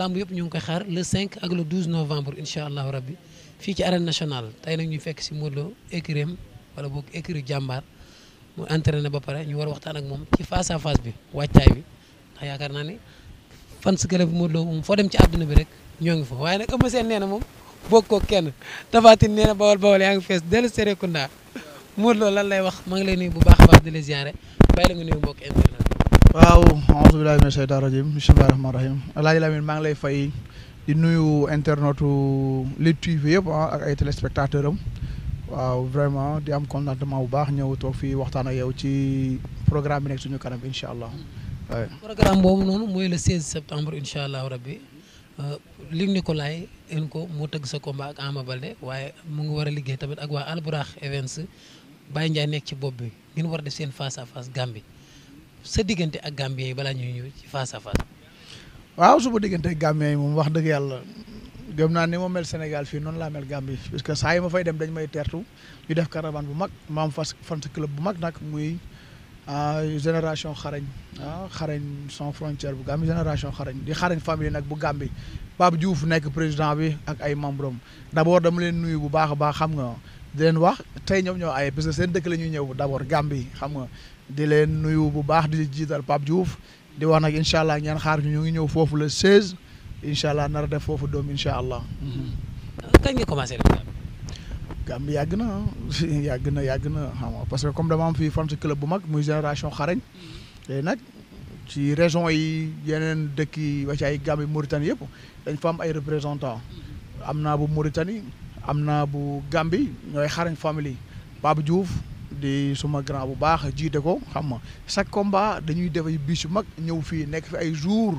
làmb yëpp ñoo ngi koy xaar le 5 ak le 12 novembre incha allahu rabbi fii ci arène nationale tey nag ñu fekk si Modou Lo wala boog écurie jàmbaar mu na ba pare ñu war waxtaan ak moom ci face à bi wàccaay bi ndax yaakaar naa ne fan si gërëm Modou Lo moom foo dem ci àdduna bi rek ñoo ngi fa waaye nag Eumeu Sène nee na moom bokk ko kenn Tapha Tine nee na bawal bawal yaa ngi fees dellu Serekunda Modou Lo lan lay wax maa ngi lay nuyu bu baax a baax di la waaw aouzu billahi mina sheytaan rajim bismillahi rahmaani rahim alaaji ngi lay fay di nuyu internetu Lutte TV yëpp ah, ak ay téléspectateur am waaw vraiment di am contentement bu baax ñëw toog fii waxtaan ak yow ci programme bi nekk suñu kanam incha allah. programme boobu noonu mooy le 16 septembre incha allah rabbi euh, Luc Nicolaï en ko moo tëgg sa combat ak Ama Baldé waaye mu ngi war a liggéey tamit ak waa Alburax Events Baye Ndiaye nekk ci bopp bi ngeen war a def seen face à face Gambie. sa diggante ak Gambien balaa ñu ñëw ci face à waaw su ma diggante ak Gambien moom wax dëgg yàlla gëm naa ni ma mel Sénégal fii noonu laa mel Gambie parce que saa yi ma fay dem dañ may tertu ñu def caravane bu mag ma am fas fan club bu mag nag muy ah, génération xarañ ah xarañ sans frontière bu Gambie génération xarañ di xarañ famille nag bu Gambie Pape Diouf nekk président bi ak ay membres am d'abord dama leen nuyu bu baax a baax xam nga. di leen wax tey ñoom ñoo ay parce seen dëkk la ñuy ñëw d'abord Gambie xam nga di leen nuyu bu baax di jiital Pape Diouf di wax nag incha allah ngeen xaar ñu ngi ñëw foofu la 16 incha allah nara a def foofu doom incha allah. Mm-hmm. kañ nga yàgg na yàgg na yàgg na xam parce que comme dama am fii fan club bu mag muy génération xarañ. Mm-hmm. léegi nag ci région yi yeneen dëkk yi waa ci ay Gambie Mauritanie yëpp dañ fa ay représentants mm-hmm. am naa bu Mauritanie. am na bu Gambie ñooy xarañ famille Pape Diouf di suma grand bu baax jiite ko xam ma chaque combat dañuy def ay bis yu mag ñëw fii nekk fi ay jour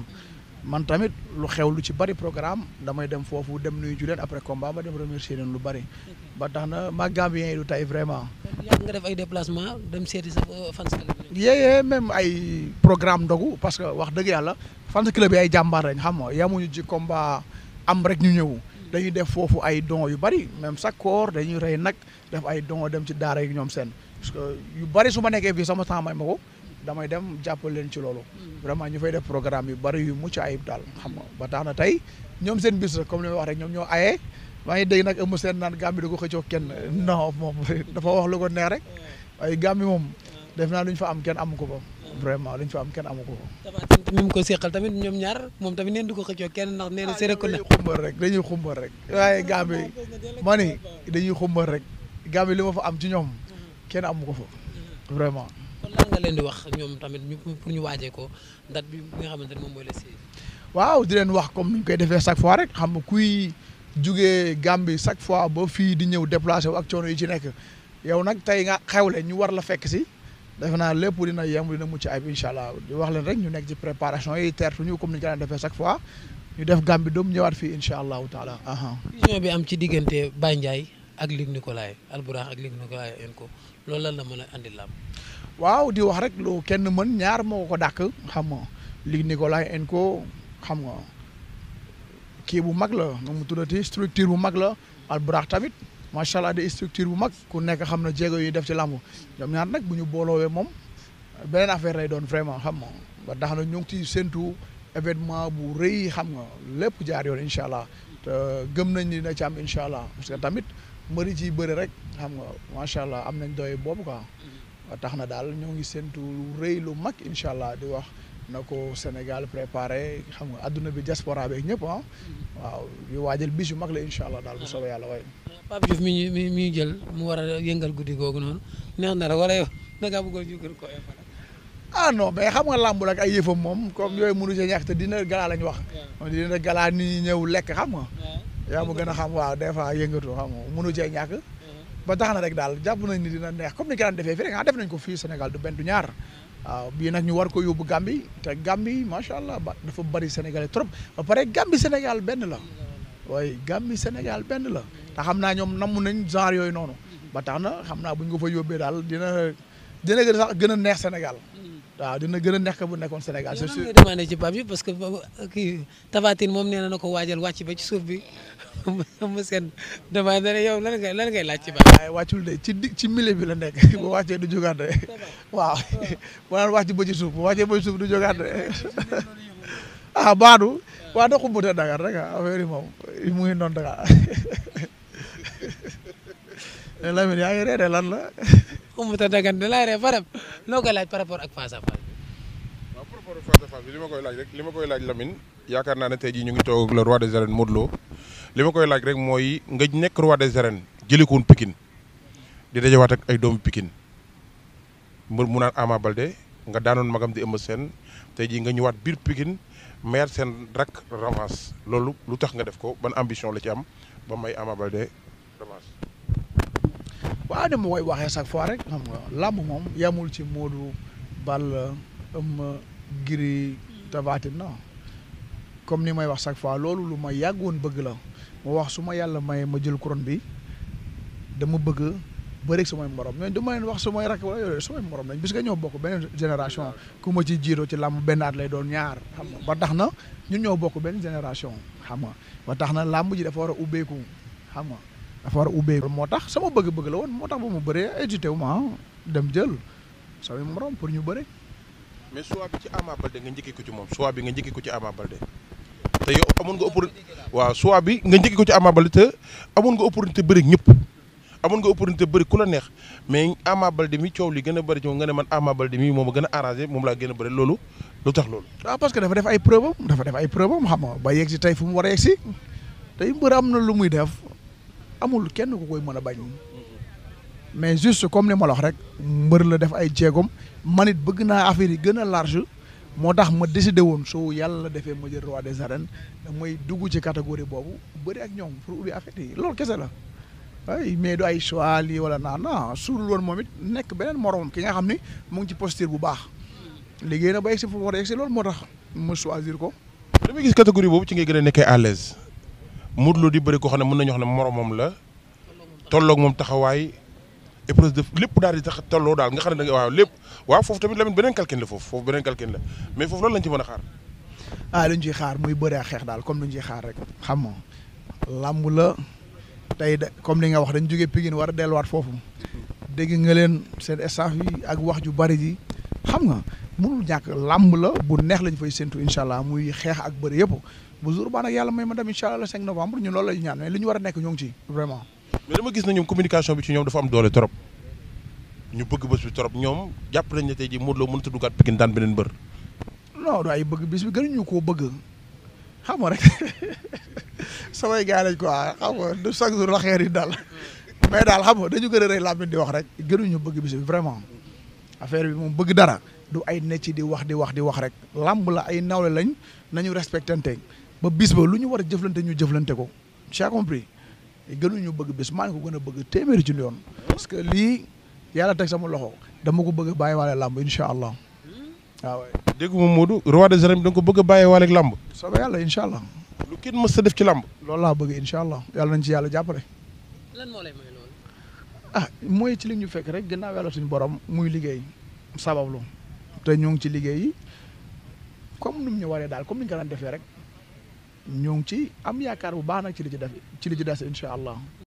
man tamit lu xew lu ci bari programme damay dem foofu dem nuyu juleen après combat ma dem remercier leen lu bari. ba tax na ma Gambien yi du tey vraiment. nga def ay déplacement dem seeti sa euh, fans même ay programme ndogu parce que wax dëgg yàlla fans club yi ay jàmbaar lañ xam nga yamuñu ci combat am rek ñu ñëw. dañuy def foofu ay dons yu bari même chaque koor dañuy rey nag def ay dons dem ci daara yi ñoom seen parce que yu bari su ma nekkee fii sama temps may ma ko damay dem jàppale leen ci loolu. vraiment ñu fay def programme yu bari yu mucc ayib daal xam nga ba tax na tey ñoom seen bis rek comme li ma wax rek ñoom ñoo ayee maa ngi dégg nag ëmb seen naan gàmm bi du ko xëccoo kenn non moom dafa wax lu ko neex rek waaye gàmm bi moom def naa lu fa am kenn amu ko fa. vraiment liñ fa am kenn amu ko. tamit ni mu ko seqal tamit ñoom ñaar moom tamit neen du ko xëccoo kenn ndax nee na ah, sere ko na xumbal rek dañuy xumbal rek waaye gambi ma dañuy xumbal rek gambi li ma fa am ci ñoom kenn amu ko fa vraiment. leen di wax ñoom tamit ñu pour ñu waajee ko date bi nga xamante ne moom mooy la si. waaw di leen wax comme ni ñu koy defee chaque fois rek xam nga kuy jugee gambi chaque fois ba fii di ñëw déplacé wu ak coono yi ci nekk yow nag tey nga xewle ñu war la fekk si. defe naa lépp dina yem dina mucc ayib incha allah di wax leen rek ñu nekk ci préparation yi teertuñu comme ni ñu ko daan defee chaque fois ñu def gàmm bi doom ñëwaat fii incha allahu taala. fusion bi am ci diggante Baye Ndiaye ak Luc Nicolaï Albourakh ak Luc Nicolaï en ko loolu lan la mën a andi lam waaw di wax rek kenn mën ñaar moo ko dàkk xam nga Luc Nicolaï en ko xam nga kii bu mag la nu mu tuddati structure bu mag la Albourakh tamit. macha allah di structure bu mag ku nekk xam na jéego yi def ci làmb ñoom ñaan nag bu ñu booloowee moom beneen affaire lay doon vraiment xam nga ba tax na ñu ngi ciy séntu événement bu rëy xam nga lépp jaar yoon incha allah te gëm nañ ni na ci am incha allah parce que tamit mari ji bëri rek xam nga macha allah am nañ doy boobu quoi. ba tax na daal ñoo ngi séntu lu rëy lu mag incha allah di wax na ko Sénégal préparé xam nga àdduna bi diaspora beeg ñëpp ah. waaw ñu waajal bis yu la incha daal bu soobee yàlla waaye. Pape Diouf mi ñu mi ñu jël mu war a yëngal guddi googu noonu neex na la wala yow da ngaa bëggoon ñu gën ko ah non mais xam nga làmb rek ay yëfam moom comme yooyu mënu see ñàkk te dina galaa wax. dina galaa nit ñëw lekk xam nga. yaa ma gën a xam waaw des fois yëngatu xam nga mënu see ñàkk. ba tax na rek daal jàpp nañ dina neex comme ni ko defee fii rek ah def nañ ko fii Sénégal du benn du aw bii nag ñu war ko yóbbu Gambie te Gambie macha allah dafa bari sénégal trop ba pare Gambie Sénégal benn la waaye Gambie Sénégal benn la te xam naa ñoom namm nañ genre yooyu noonu ba tax na xam naa buñ ñu ko yóbbee daal dina dina gën a sax gën a neex Sénégal. waaw dina gën a nekk bu nekkoon Sénégal c'est sûr. yow demandé ci Pape yi parce que kii Tapha Tine moom nee na na ko waajal wàcc ba ci suuf bi ma seen demandé ne yow lan ngay lan ngay laaj ci Pape. waaye wàccul de ci ci milieu bi la nekk bu wàccee du jógaat de waaw oh. bu naan wàcc ba ci suuf bu wàccee ba ci suuf du jógaat de ah Badou. waaw da xumbute Dakar rek ah affaire yi moom mu ngi noonu Dakar Lamine yaa ngi reere lan la. Koumba Dagane da lay ree faram loo koy laaj par rapport ak face li ma koy laaj rek li ma koy laaj Lamine yaakaar naa ne tey jii ñu ngi toog ak le roi des arènes Modou Lo li ma koy laaj rek mooy nga nekk roi des arènes jëlee ko di Pikine di dajawaat ak ay doomu Pikine mbër mu naan Ama Balde nga daanoon magam di Eumeu Sène tey jii nga ñëwaat biir pikin mayaat seen rak revanche loolu lu tax nga def ko ban ambition la ci am ba may Ama Balde revanche. waaw ni moo koy waxee chaque fois rek xam nga làmb moom yemul ci Modou Balla Eumeu Gris Tapha Tine comme ni may wax chaque fois loolu lu ma yàgg yàggoon bëgg la ma wax suma yàlla may ma jël couronne bi dama bëgg bëri samay morom ñooñu dama leen wax samay rakk wala yooyu samay morom lañ bis nga ñoo bokk benn génération ku ma ci jiiroo ci làmb benn at lay doon ñaar xam nga ba tax na ñu ñoo bokk benn génération xam nga ba tax na làmb ji dafa war a ubbeeku xam nga dafa war a ubbee moo tax sama bëgg-bëgg la woon moo tax ba mu bëree hésité wu ma dem jël samay moroom pour ñu bëri. mais choix bi ci Ama Baldé nga njëkkee ko ci moom choix bi nga njëkkee ko ci Ama Baldé te yow nga opportunité waaw choix bi nga njëkkee ko ci Ama Baldé te amoon nga opportunité bëri ñëpp amoon nga opportunité bëri ku la neex mais Ama Baldé mi coow li gën a bari ci moom nga ne man Ama Baldé mi moom a gën a arrangé moom laa gën a bëri loolu lu tax loolu. waaw parce que dafa def ay preuve am dafa def ay preuve am xam nga si tey fu mu war a yegg si tey mbër am na lu muy def amul kenn ku koy mën a bañ mais juste comme ni ma la rek mbër la def ay jéegoom man it bëgg naa affaire yi gën a large moo tax ma décidé woon soo yàlla defee ma jël roi des arènes damay dugg ci catégorie boobu bëri ak ñoom pour ubbi affaire yi loolu kese la ay mais du ay choix lii wala naa non suurul woon moom it nekk beneen moromam ki nga xam ni mu ngi ci posture bu baax liggéey na ba egsi loolu moo tax ma choisir ko. damay gis catégorie boobu ci ngay gën a nekkee à l'aise Modou Lo di bëri koo xam ne mën na wax ne moromam la tolloog moom taxawaay épreuve de lépp daal di tax tolloo daal nga xam ne da nga waaw lépp waaw foofu tamit la beneen calcul la foofu foofu beneen calcul la mais foofu loolu lañ ci a xaar ah xaar muy bëri xeex daal comme luñ ciy xaar rek xam nga làmb la tey de comme li nga wax dañ jógee Pikine war a delluwaat foofu dégg nga leen seen staff yi ak wax ju bari ji xam nga mënul ñàkk làmb la bu neex lañ fay séntu incha allah muy xeex ak bëri yëpp bu jour baa nag yàlla may ma dem incha allah le 5 novembre ñun loolu la ñu ñaan mais li ñu war a nekk ñoo gis na ñoom communication bi ci ñoom dafa am doole trop ñu bëgg bés bi trop ñoom jàpp nañ ne tey jii Modou Lo mënut a duggaat Pikine daan beneen bër. non ay bëgg bis bi gënuñu koo bëgg xam nga rek samay gars lañ quoi xam nga du xeer yi daal mm. mais daal xam nga dañu gën a rëy làmb di wax rek gënuñu bëgg bis bi vraiment. affaire bi moom bëgg dara du ay ne ci di wax di wax di wax rek làmb la ay nawle lañ nañu respectante ba bis ba lu ñu war a jëflante ñu jëflante ko j'ai compris ñu bëgg bis maa ngi ko gën a bëgg téeméeri li yoon parce que lii yàlla teg sama loxo dama ko bëgg a wale làmb incha allah waaw dégg moom Modou roi des arènes da ko bëgg a bàyyiwaale làmb soobee yàlla incha allah lu kenn mës sa def ci làmb loolu laa bëgg incha allah yàlla nañ ci yàlla jàppale ah mooy ci li ñu fekk rek gannaaw yàlla suñu borom muy liggéey sabablu te ñoo ngi ci liggéey yi comme nu ñu waree daal comme ni nga ko daan defee rek ñoo ngi ci am yaakaar bu baax nag ci li ci def ci li ci des incha allah.